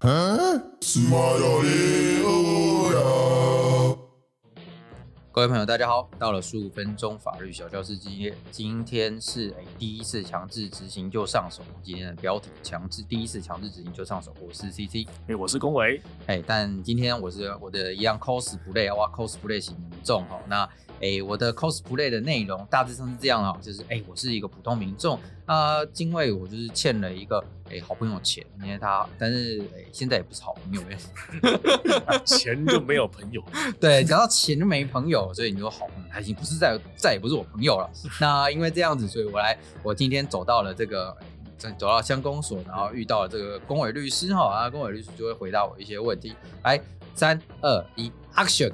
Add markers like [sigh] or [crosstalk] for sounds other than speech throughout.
嗯、啊，各位朋友，大家好！到了十五分鐘法律小教室今，今天今天是、欸、第一次強制執行就上手。今天的標題：強制第一次強制執行就上手。我是 CC、欸、我是公偉、欸，但今天我是我的一樣 cosplay 哇，cosplay 型重好、喔、那。哎，我的 cosplay 的內容大致上是這樣的，就是哎，我是一個普通民眾，呃，因為我就是欠了一個誒好朋友錢，因為他，但是誒現在也不是好朋友 [laughs] [laughs] 錢就沒有朋友。對，講到錢就沒朋友，所以你有好朋友，他已經不是再再也不是我朋友了。 [laughs] 那因為這樣子，所以我來，我今天走到了這個走走到鄉公所，然後遇到了這個公委律師哈，啊，公委律師就會回答我一些問題。來，三二一，action。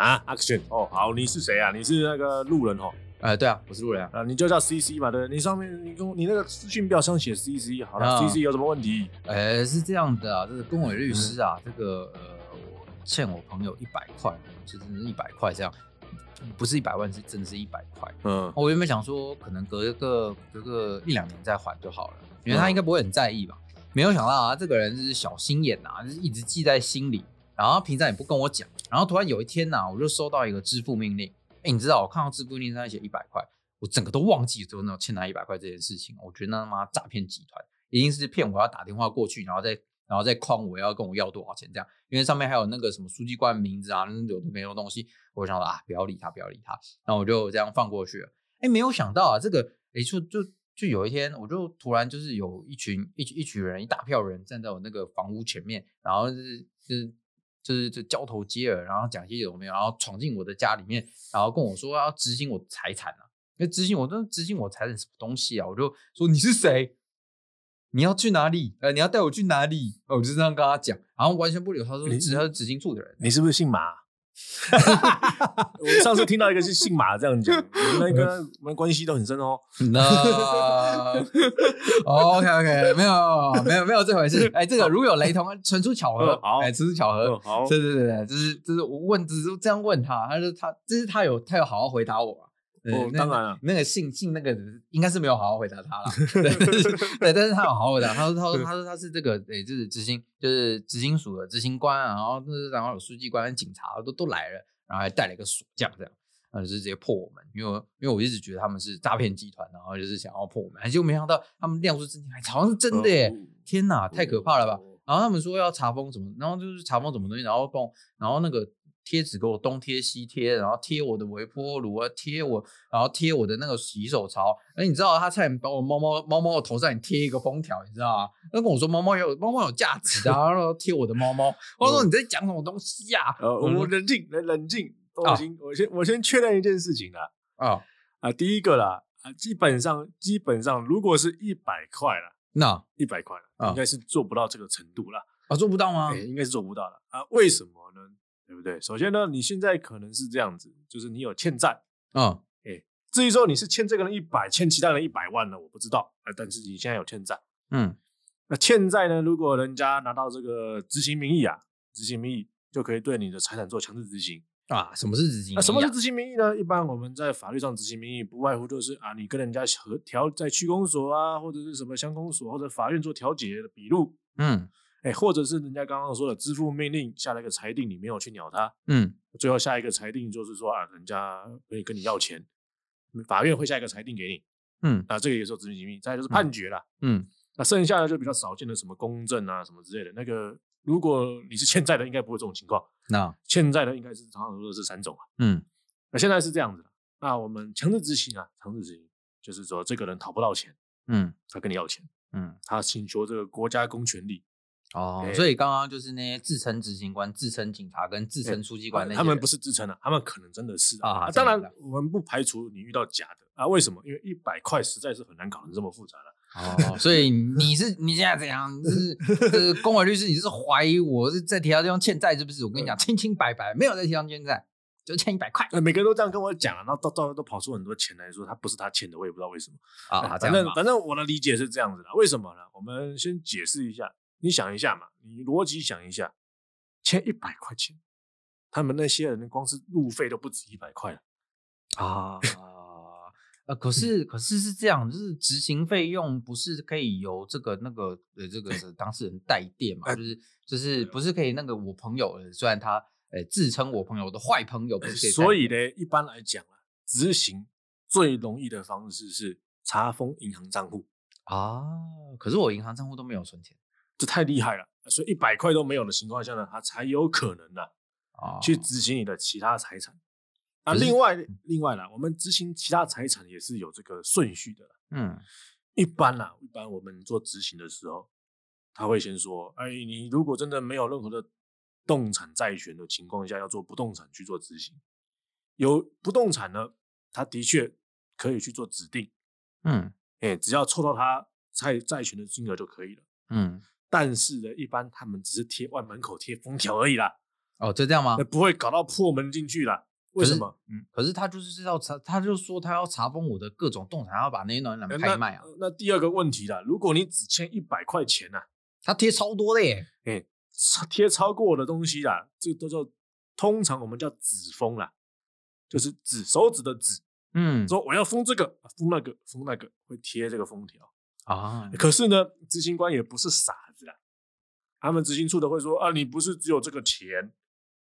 啊，action！哦，好，你是誰啊？你是那個路人哦。哎、呃，對啊，我是路人啊、嗯、啊。你就叫 CC 嘛，對，你上面你用你那個訊表上寫 CC，好了、嗯、CC 有什麼問題？哎、欸，是這樣的啊，就、這、是、個、公委律師啊，嗯、這個呃，我欠我朋友一百塊，其實是一百塊這樣，不是一百萬，是真的是一百塊。嗯，我原本想說可能隔一個隔個一兩年再還就好了，因為他應該不會很在意吧？沒有想到啊，這個人是小心眼啊，就是一直記在心裡。然後平常也不跟我講，然後突然有一天呢、啊，我就收到一個支付命令，哎，你知道我看到支付命令上面寫一百塊，我整個都忘記就後那欠他一百塊這件事情，我覺得那他媽詐騙集團一定是騙我，要打電話過去，然後再然後再誆我要，要跟我要多少錢這樣，因為上面還有那個什麼書記官名字啊，那種都沒有東西，我想說啊，不要理他，不要理他，然後我就這樣放過去了。哎，沒有想到啊，這個哎就就就有一天，我就突然就是有一群一一群人一大票人站在我那個房屋前面，然後是、就是。就是就是就交頭接耳，然後講些有沒有，然後闖進我的家裡面，然後跟我說要執行我的財產了、啊。那執行我，那執行我財產是什麼東西啊？我就說你是誰？你要去哪裡？呃，你要帶我去哪裡？我就這樣跟他講，然後完全不理。他說執他是執行處的人。你，你是不是姓馬？ [laughs] [laughs] 我上次聽到一個是姓馬這樣講，我 [laughs] 們、嗯、跟我們關係都很深哦。那、no. OK OK，沒有沒有沒有這回事。哎、欸，這個如有雷同，純屬巧合。哎、嗯，純屬、欸、巧合。嗯、好，對對對對，就是就是，是我問，只是這樣問他，他說他，就是他有他有好好回答我。哦，當然了、啊，那個姓姓那個應該是沒有好好回答他了， [laughs] 對，但是他有好好回答，他說他說他說他是這個，誒、欸，就是執行，就是執行署的執行官啊，然後、就是、然後有書記官、警察都都來了，然後還帶了一個鎖匠這，這樣，然後就是直接破我們，因為因為我一直覺得他們是詐騙集團，然後就是想要破我們，結果沒想到他們亮出證件來，好像是真的耶，哦、天哪、哦，太可怕了吧？然後他們說要查封什麼，然後就是查封什麼東西，然後幫然後那個。貼紙給我東貼西貼，然後貼我的微波爐啊，貼我，然後貼我的那個洗手槽。哎，你知道，啊、他差點把我貓貓貓貓的頭上貼一個封條，你知道嗎，啊？他跟我說貓貓有貓貓有價值，啊， [laughs] 然後貼我的貓貓。我說你在講什麼東西呀，啊哦嗯哦？我冷靜，冷、冷靜。我先、哦、我、先我先確認一件事情了啊、哦、啊，第一個啦啊，基本上基本上如果是一百塊了，那一百塊了應該是做不到這個程度了啊，做不到嗎？欸，應該是做不到的啊，為什麼呢？對不對？首先呢，你現在可能是這樣子，就是你有欠債啊，哎、哦欸，至於說你是欠這個人一百，欠其他人一百萬呢，我不知道，啊、呃，但是你現在有欠債，嗯，那欠債呢，如果人家拿到這個執行名義啊，執行名義就可以對你的財產做強制執行啊。什麼是執行名義、啊？那、啊、什麼是執行名義呢？一般我們在法律上執行名義，不外乎就是啊，你跟人家和調在區公所啊，或者是什麼鄉公所或者法院做調解的筆錄，嗯。哎、欸，或者是人家剛剛說的支付命令下了一個裁定，你沒有去鳥他，嗯，最後下一個裁定就是說啊，人家會跟你要錢，法院會下一個裁定給你，嗯，啊，這個也是執行名義，再來就是判決了、嗯，嗯，那剩下的就比較少見的什麼公證啊什麼之類的，那個如果你是欠債的，應該不會這種情況，那欠債的應該是常常說的是三種啊，嗯，那現在是這樣子，那我們強制執行啊，強制執行就是說這個人討不到錢，嗯，他跟你要錢，嗯，他請求這個國家公權力。哦、欸，所以剛剛就是那些自稱執行官、欸、自稱警察跟自稱書記官那些，他們不是自稱的、啊，他們可能真的是啊。哦、啊當然，我們不排除你遇到假的啊。為什麼？嗯、因為一百塊實在是很難搞成這麼複雜的。哦， [laughs] 所以你是你現在怎樣？就 [laughs] 是公文律師，你是懷疑我是在其他地方欠債是不是？我跟你講，清清白白，沒有在其他地方欠債，就欠一百塊。每個人都這樣跟我講，然後到到都跑出很多錢來說他不是他欠的，我也不知道為什麼、哦、啊。反正反正我的理解是這樣子的，為什麼呢？我們先解釋一下。你想一下嘛，你邏輯想一下，欠一百塊錢，他們那些人光是路費都不止一百塊了啊 [laughs] 、呃！可是可是是這樣，就是執行費用不是可以由這個那個呃這個是當事人代墊嘛、呃？就是就是不是可以那個我朋友，雖然他呃自稱我朋友的壞朋友，不是可以所以呢，一般來講啊，執行最容易的方式是查封銀行賬戶啊。可是我銀行賬戶都沒有存錢。這太厲害了，所以一百塊都沒有的情況下呢，他才有可能呢、啊，oh. 去執行你的其他財產。啊、另外，另外呢，我們執行其他財產也是有這個順序的，嗯，一般呢、啊，一般我們做執行的時候，他會先說，哎、欸，你如果真的沒有任何的動產債權的情況下，要做不動產去做執行。有不動產呢，他的確可以去做指定，嗯，欸、只要湊到他債債權的金額就可以了，嗯。但是呢，一般他們只是貼外門口貼封條而已啦。哦，就這樣嗎？不會搞到破門進去啦。為什麼？嗯，可是他就是要查，他就說他要查封我的各種動產，要把那兩兩拍一賣啊、呃，那。那第二個問題啦，如果你只欠一百塊錢呢、啊，他貼超多的耶，哎、嗯，貼超過我的東西啦，這都叫通常我們叫紙封啦，就是紙、嗯、手指的紙，嗯，說我要封這個，封那個，封那個，會貼這個封條啊。可是呢，執行官也不是傻的。他們執行處的會說啊，你不是只有這個錢，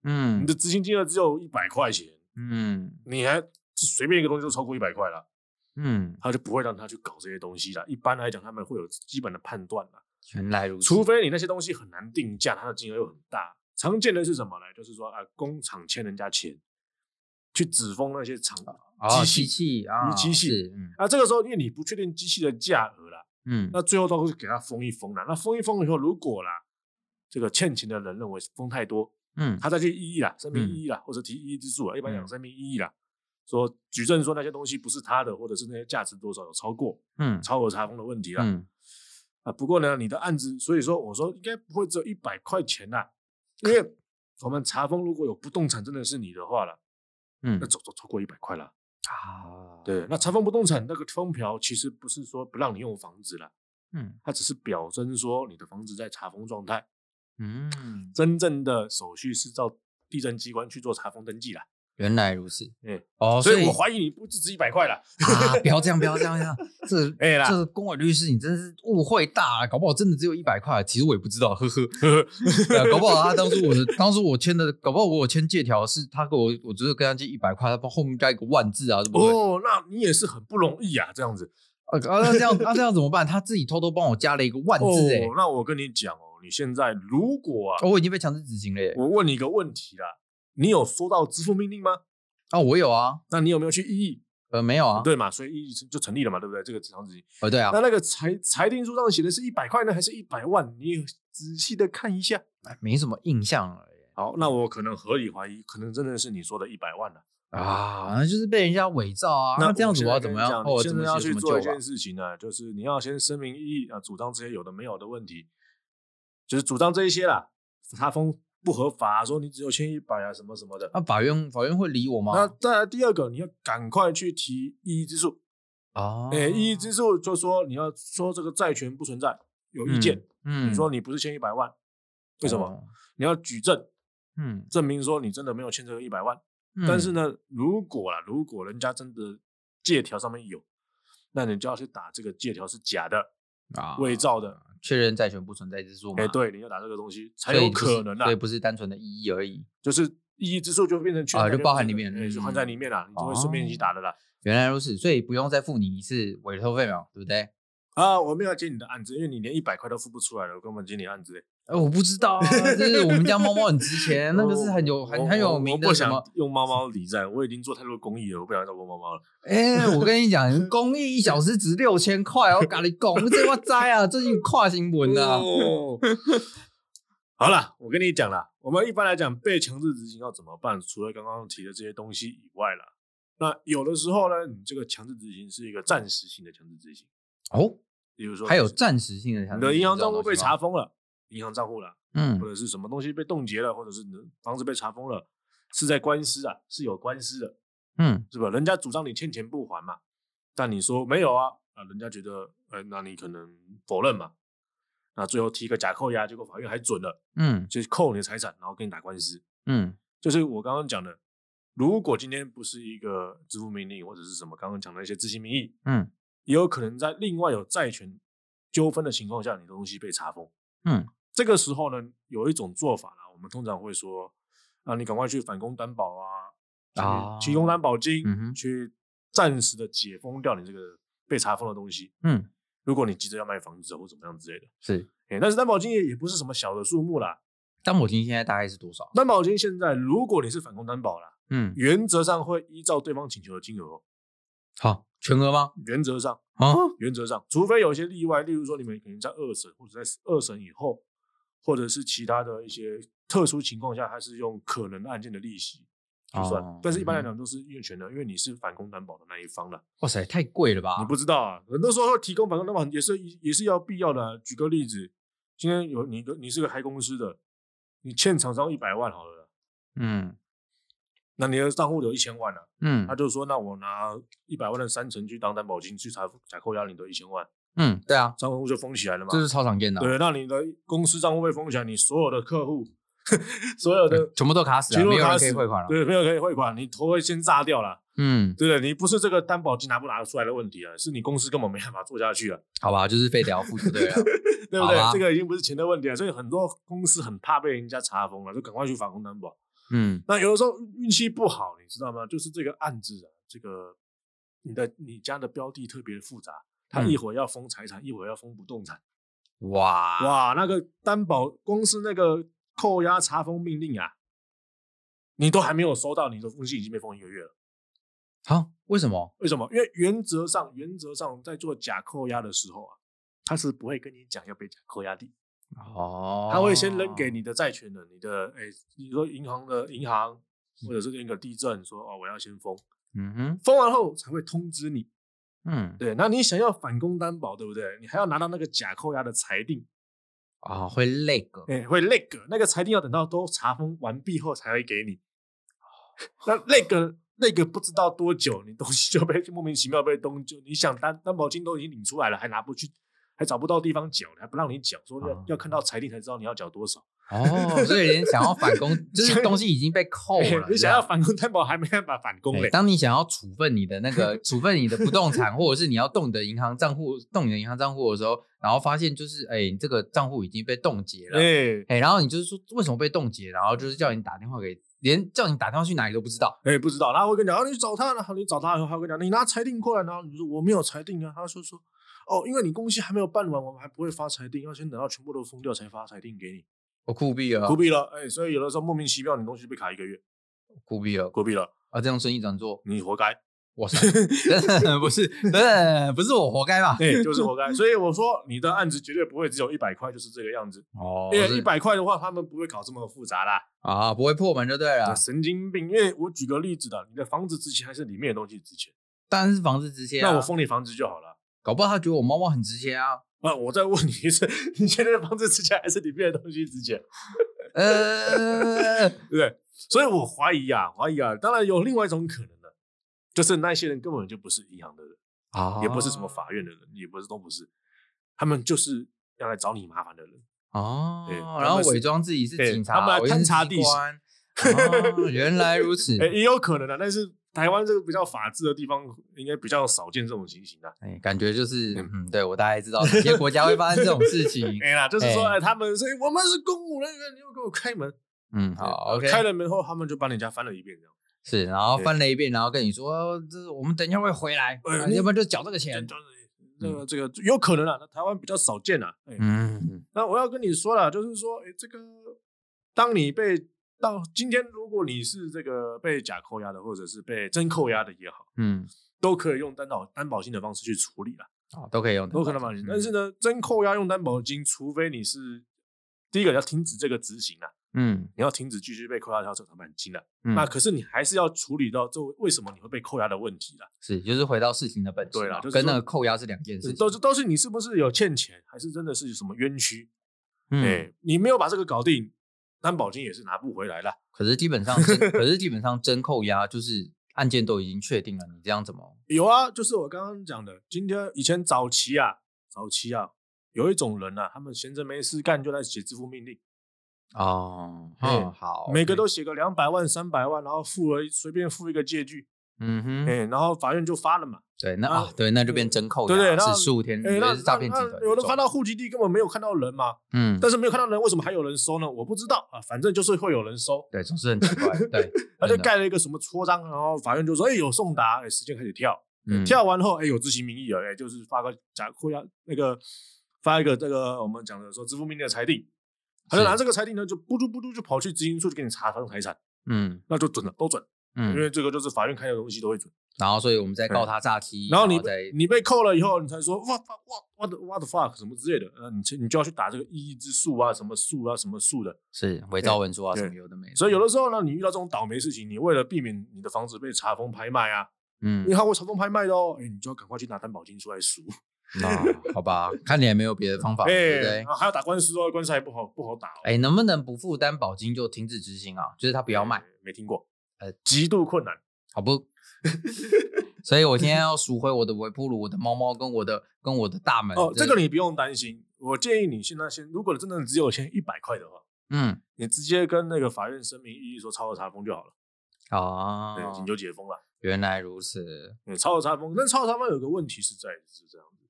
嗯，你的執行金額只有一百塊錢，嗯，你還隨便一個東西就超過一百塊了，嗯，他就不會讓他去搞這些東西了。一般來講，他們會有基本的判斷了。原來如此。除非你那些東西很難定價，它的金額又很大。常見的是什麼呢？就是說啊，工廠欠人家錢，去指封那些廠、哦、機器、機器啊、哦，機器。那、嗯啊、這個時候因為你不確定機器的價格啦，嗯，那最後都會給他封一封了。那封一封以後，如果啦。這個欠錢的人認為封太多，嗯、他再去異議啦，聲明異議啦、嗯，或者提異議之訴、嗯、一般講聲明異議啦、嗯，說舉證說那些東西不是他的，或者是那些價值多少有超過，嗯、超額查封的問題啦、嗯，啊，不過呢，你的案子，所以說我說應該不會只有一百塊錢啦，嗯、因為我們查封如果有不動產真的是你的話了、嗯，那總總超過一百塊了，啊、哦，對，那查封不動產那個封條其實不是說不讓你用房子了，嗯，它只是表徵說你的房子在查封狀態。嗯，真正的手續是到地政機關去做查封登記了。原來如此，嗯，哦，所以我懷疑你不只值一百塊了，不要這樣，不要這樣， [laughs] 這樣這、欸、啦這公委律師，你真的是誤會大、啊、搞不好真的只有一百塊、啊，其實我也不知道，呵呵。 [laughs] 啊、搞不好他當時我 [laughs] 當初我簽的，搞不好我有簽借條是他給我，我只是跟他借一百塊，他幫後面加一個萬字啊，是不對？哦，那你也是很不容易啊，這樣子啊，那、啊、這樣那、啊、這樣怎麼辦？他自己偷偷幫我加了一個萬字、欸、哦，那我跟你講哦。你現在如果啊，我已經被強制執行了。我問你一個問題了，你有說到支付命令嗎？啊、哦，我有啊。那你有沒有去異議？呃，沒有啊。嗯、對嘛，所以異議就成立了嘛，對不對？這個強制執行，啊、哦、對啊。那那個裁裁定書上寫的是一百塊呢，還是一百萬？你有仔細的看一下。沒什麼印象而已。好，那我可能合理懷疑，可能真的是你說的一百萬了啊，那就是被人家偽造啊。那這樣子我要怎麼我真、哦、在要去做一件事情呢、啊，就是你要先聲明異議啊，主張這些有的沒有的問題。就是主張這一些啦，查封不合法，啊，說你只有欠一百啊什麼什麼的，那、啊、法院法院會理我嗎？那再來第二個，你要趕快去提異議之訴啊，哎、哦，異議之訴就說你要說這個債權不存在，有意見，嗯，嗯，你說你不是欠一百萬，為什麼？哦、你要舉證，嗯，證明說你真的沒有欠這個一百萬，嗯。但是呢，如果啊，如果人家真的借條上面有，那你就要去打這個借條是假的啊，偽造的。確認債權不存在之訴嗎、欸、對，你要打這個東西才有可能啊。所以不，所以不是單純的異議而已，就是異議之訴就變成全啊，就包含裡面、這個嗯，就放在裡面了、啊嗯，你就會順便去打的了、哦。原來如此，所以不用再付你一次委託費了，對不對？啊，我沒有要接你的案子，因為你連一百塊都付不出來了，我根本接你的案子、欸。哎、欸，我不知道就、啊、 [laughs] 是我們家貓貓很值錢， [laughs] 那個是很有很很有名的什麼我不想用貓貓理財，我已經做太多公益了，我不想再做貓貓了。哎、欸，我跟你講，公 [laughs] 益一小時值六千塊，我跟你講，這我栽啊，最近跨新聞了。好了，我跟你講了、 [laughs] 啊啊哦， [laughs] 我們一般來講被強制執行要怎麼辦？除了剛剛提的這些東西以外了，那有的時候呢，你這個強制執行是一個暫時性的強制執行哦。比如說，還有暫、就是、時性的強制執行，你的銀行賬戶被查封了。銀行賬戶了，嗯，或者是什麼東西被凍結了，或者是房子被查封了，是在官司啊，是有官司的，嗯，是吧？人家主張你欠錢不還嘛，但你說沒有啊，啊，人家覺得，哎、欸，那你可能否認嘛，那最後提個假扣押，結果法院還准了，嗯，就是扣你的財產，然後跟你打官司，嗯，就是我剛剛講的，如果今天不是一個支付命令或者是什麼，剛剛講的一些執行名義，嗯，也有可能在另外有債權糾紛的情況下，你的東西被查封，嗯。這個時候呢，有一種做法啦，我們通常會說啊，你趕快去反擔保啊，啊去提供擔保金，嗯哼，去暫時的解封掉你這個被查封的東西。嗯，如果你急着要賣房子或怎麼樣之類的，是，欸，但是擔保金也也不是什麼小的數目啦。擔保金現在大概是多少？擔保金現在，如果你是反擔保啦，嗯，原則上會依照對方請求的金額，好，哦，全額嗎？原則上啊，哦，原則上，除非有些例外，例如說你們可能在二審或者在二審以後。或者是其他的一些特殊情況下，他是用可能案件的利息去算，oh, 但是一般來講都是越權的，因為你是反供擔保的那一方了。哇、oh, 塞，太貴了吧？你不知道啊，很多時候提供反供擔保也是也是要必要的、啊。舉個例子，今天有你個你是個開公司的，你欠廠商一百萬好了，嗯，那你的賬戶有一千萬了、啊，嗯，他就說，那我拿一百萬的三成去當擔保金去查查扣押你的一千萬。嗯，對啊，賬戶就封起來了嘛，這是超常見的。對，那你的公司賬戶被封起來，你所有的客戶，呵呵，所有的，全部都卡死了，全部卡死，沒有人可以匯款了。對，沒有人可以匯款，你頭會先炸掉了。嗯，對不對？你不是這個擔保金拿不拿得出來的問題啊，是你公司根本沒辦法做下去了。好吧，就是非聊對， [laughs] 對不對、啊？這個已經不是錢的問題了，所以很多公司很怕被人家查封了，就趕快去反公擔保。嗯，那有的時候運氣不好，你知道嗎？就是這個案子啊，這個你的你家的標的特別複雜。他一會兒要封財產，嗯、一會兒要封不動產，哇哇！那個擔保公司那個扣押查封命令啊，你都還沒有收到，你的封信已經被封一個月了。好、啊，為什麼？為什麼？因為原則上，原則上在做假扣押的時候啊，他是不會跟你講要被假扣押的。哦，他會先扔給你的債權人，你的哎，你說銀行的銀行，或者是那一個地政，說哦，我要先封，嗯哼，封完後才會通知你。嗯，對，那你想要反供擔保，對不對？你還要拿到那個假扣押的裁定啊、哦，會那個，哎，會那個，那個裁定要等到都查封完畢後才會給你。那那個那個不知道多久，你東西就被就莫名其妙被東，就你想擔擔保金都已經領出來了，還拿不去，還找不到地方繳，還不讓你繳，說要、哦、要看到裁定才知道你要繳多少。哦，所以連想要反攻， [laughs] 就是東西已經被扣了。欸、你想要反攻擔保，還沒辦法反攻嘞。當你想要處分你的那個 [laughs] 處分你的不動產，或者是你要動你的銀行賬戶、動你的銀行賬戶的時候，然後發現就是，哎、欸，你這個賬戶已經被凍結了。哎、欸欸，然後你就是說，為什麼被凍結？然後就是叫你打電話給，連叫你打電話去哪裡都不知道。哎、欸，不知道，然後我會跟你講、啊，你找他了，然後你找他以後，我會跟你講，你拿裁定過來，然後你說我沒有裁定啊，他說說，哦，因為你工期還沒有辦完，我們還不會發裁定，要先等到全部都封掉才發裁定給你。我酷斃了，酷斃了、欸，所以有的時候莫名其妙，你東西被卡一個月，酷斃了，酷斃了啊！這樣生意怎麼做？你活該， [laughs] [laughs] 不是不是 [laughs] 不是我活該吧？對，就是活該。 [laughs] 所以我說你的案子絕對不會只有一百塊，就是這個樣子哦。因為一百塊的話，他們不會搞這麼複雜啦。啊，不會破門就對了對。神經病！因為我舉個例子的，你的房子值錢還是裡面的東西值錢？當然是房子值錢、啊。那我封你房子就好了，啊、搞不好他覺得我貓貓很值錢啊。啊！我再問你一次，你現在房子值錢還是裡面的東西值錢？呃、欸，對 [laughs] 不對？所以我懷疑啊，懷疑啊。當然有另外一種可能的，就是那些人根本就不是銀行的人啊、哦，也不是什麼法院的人，也不是都不是，他們就是要來找你麻煩的人哦。然後偽裝自己是警察、勘察地官。官哦、 [laughs] 原來如此、欸，也有可能的、啊，但是。台灣這個比較法治的地方，應該比較少見這種情形啊、欸。哎，感覺就是，嗯，嗯，對，我大概知道哪些國家會發生這種事情。對、 [laughs] 欸、啦，就是說，欸、他們說我們是公務人員，你要給我開門。嗯，好，OK。開了門後，他們就把你家翻了一遍，是，然後翻了一遍，然後跟你說，這是我們等一下會回來，欸、要不然就繳這個錢。這、欸就是、個這個、嗯這個、有可能啊，台灣比較少見啊、欸。嗯，那我要跟你說了，就是說，哎、欸，這個當你被。到今天，如果你是這個被假扣押的，或者是被真扣押的也好，嗯，都可以用擔保擔保金的方式去處理了啊、哦，都可以用擔保金都可、嗯。但是呢，真扣押用擔保金，除非你是第一個要停止這個執行啊、嗯，你要停止繼續被扣押，要走償辦金的、嗯。那可是你還是要處理到這為什麼你會被扣押的問題了。是，就是回到事情的本質了、就是，跟那個扣押是兩件事情，都是都是你是不是有欠錢，還是真的是有什麼冤屈？哎、嗯欸，你沒有把這個搞定。擔保金也是拿不回來了、啊，可是基本上是， [laughs] 可是基本上真扣押，就是案件都已經確定了，你這樣怎麼？有啊，就是我剛剛講的，今天以前早期啊，早期啊，有一種人啊，他們閒着沒事幹就來寫支付命令，哦，欸、嗯，好、okay，每個都寫個兩百萬、三百萬，然後附了，隨便附一個借據，嗯哼，哎、欸，然後法院就發了嘛。對，那啊，啊，對，那就變真扣了，對對，對，只十五天，哎、欸，那是那，那，那，那，那，那有的看到戶籍地根本沒有看到人嘛，嗯，但是沒有看到人，為什麼還有人收呢？我不知道啊，反正就是會有人收，對，總是很奇怪， [laughs] 對，他就蓋了一個什麼戳章，然後法院就說，哎、欸，有送達，哎、欸，時間開始跳、嗯，跳完後，哎、欸，有執行名義了，哎、欸，就是發個假扣押，那個發一個這個我們講的說支付命令的裁定，他就拿這個裁定呢，就咕嘟咕嘟就跑去執行處去給你查他的財產，嗯，那就准了，嗯、都准。嗯，因為這個就是法院看的東西都會准、嗯，然後所以我們再告他詐欺，然後你你被扣了以後，你才說 what, what, what the fuck 什麼之類的，那你你就要去打這個異議之訴啊，什麼訴啊，什麼訴的，是偽造文書啊 okay, 什麼有的沒的。所以有的時候呢，你遇到這種倒霉事情，你為了避免你的房子被查封拍賣啊，嗯，因為他會查封拍賣的哦，欸、你就要趕快去拿擔保金出來贖。啊， [laughs] 好吧，看你也沒有別的方法，對對？對對，還要打官司，官司還不好不好打。哎，能不能不付擔保金就停止執行啊？就是他不要賣？沒聽過。呃，極度困難，好不？ [laughs] 所以我今天要贖回我的微波爐， [laughs] 我的貓貓跟我的跟我的大門哦這。這個你不用擔心，我建議你現在先，如果真的只有欠一百塊的話，嗯，你直接跟那個法院聲明異議說，超額查封就好了。哦，你就解封了。原來如此。超額查封，但超額查封有一個問題是在是這樣子，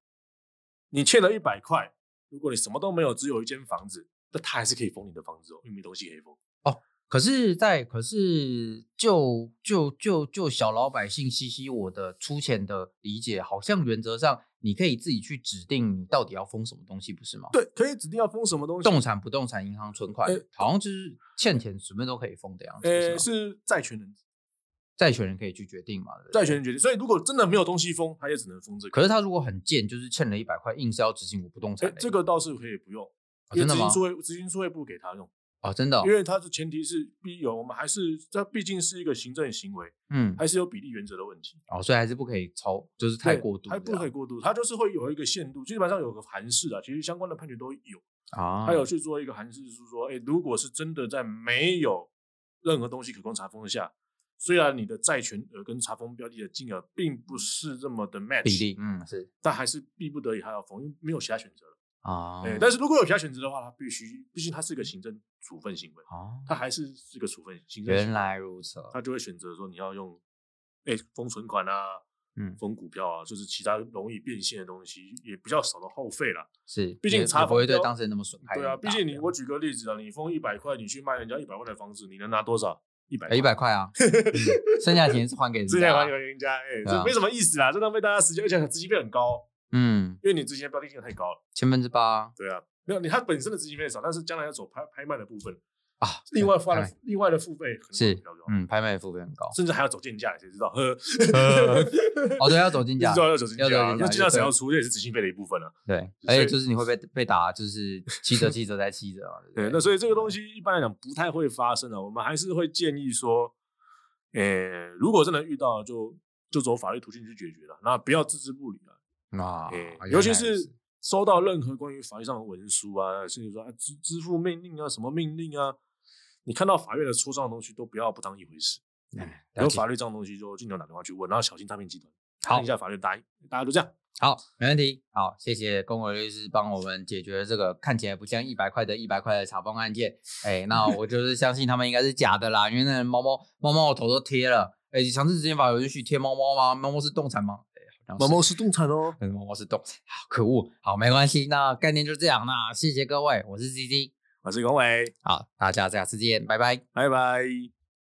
你欠了一百塊，如果你什麼都沒有，只有一間房子，那他還是可以封你的房子哦，又沒東西可以封哦。可是在，在可是就，就就就就小老百姓，嘻嘻，我的粗淺的理解，好像原則上你可以自己去指定你到底要封什麼東西，不是嗎？對，可以指定要封什麼東西，動產、不動產、銀行存款、欸，好像就是欠錢什麼都可以封的樣子、欸欸。是債權人，債權人可以去決定嘛？債權人決定，所以如果真的沒有東西封，他也只能封這個。可是他如果很賤，就是欠了一百塊，硬是要執行我不動產、欸，這個倒是可以不用，啊也啊、真的嗎？說，執行處也不給他用。哦，真的、哦，因為它的前提是必有，我們還是，這畢竟是一個行政行為，嗯，還是有比例原則的問題，哦，所以還是不可以超，就是太過度，還不可以過度，它就是會有一個限度，基本上有個函示啊，其實相關的判決都有啊、哦，還有去做一個函示就是說，哎、欸，如果是真的在沒有任何東西可供查封的下，雖然你的債權額跟查封標的的金額並不是這麼的 match 嗯，是，但還是逼不得已還要封，因為沒有其他選擇了。啊、哦欸，但是如果有其他選擇的話，他必須，畢竟它是一個行政處分行為，他、哦、還是是一個處分行為。原來如此，他就會選擇說你要用，哎、欸、封存款啊，嗯封股票啊，就是其他容易變現的東西，也比較少的耗費啦。是，畢竟他不會對當事人那麼損害。對啊，畢竟你我舉個例子啊，你封一百塊，你去賣人家一百萬的房子，你能拿多少？一百？一百塊啊， [laughs] 剩下錢是還給人家，剩下錢還給人家，哎、欸，啊、沒什麼意思啦，這浪費大家時間，而且執行費很高。嗯、啊，因為你之前標的金額太高了，千分之八、啊，對啊，沒有你，它本身的執行費少，但是將來要走拍拍賣的部分啊，另外花了另外的付費是嗯，拍賣的付費很高，甚至還要走競價，誰知道？呵，呵呵哦，對，要走競價，你知道要走競價，競價只要出，這也是執行費的一部分了。對，對所以，而且就是你會被被打，就是七折七折再七折啊。 [laughs] 對，那所以這個東西一般來講不太會發生了、啊，我們還是會建議說，欸、如果真的遇到就，就就走法律途徑去解決了、啊，那不要置之不理了、啊。啊、哦，欸，就是，尤其是收到任何關於法律上的文書啊，甚至說啊支、欸、支付命令啊，什麼命令啊，你看到法院的出賬的東西都不要不當一回事。有、嗯、法律上的東西就盡量打電話去問，然後小心詐騙集團。好，等一下法律，答應，大家都這樣。好，沒問題。好，謝謝龔偉律師幫我們解決這個看起來不像一百塊的一百塊的查封案件。哎、欸，那我就是相信他們應該是假的啦， [laughs] 因為那貓貓貓貓我頭都貼了。哎、欸，強制執行法有允許貼貓貓嗎？貓貓是動產嗎？毛毛是，是動產哦，毛毛是動產，可惡。好，沒關係，那概念就這樣啦。那謝謝各位，我是 zz，我是宏偉，好，大家下次見，拜拜，拜拜。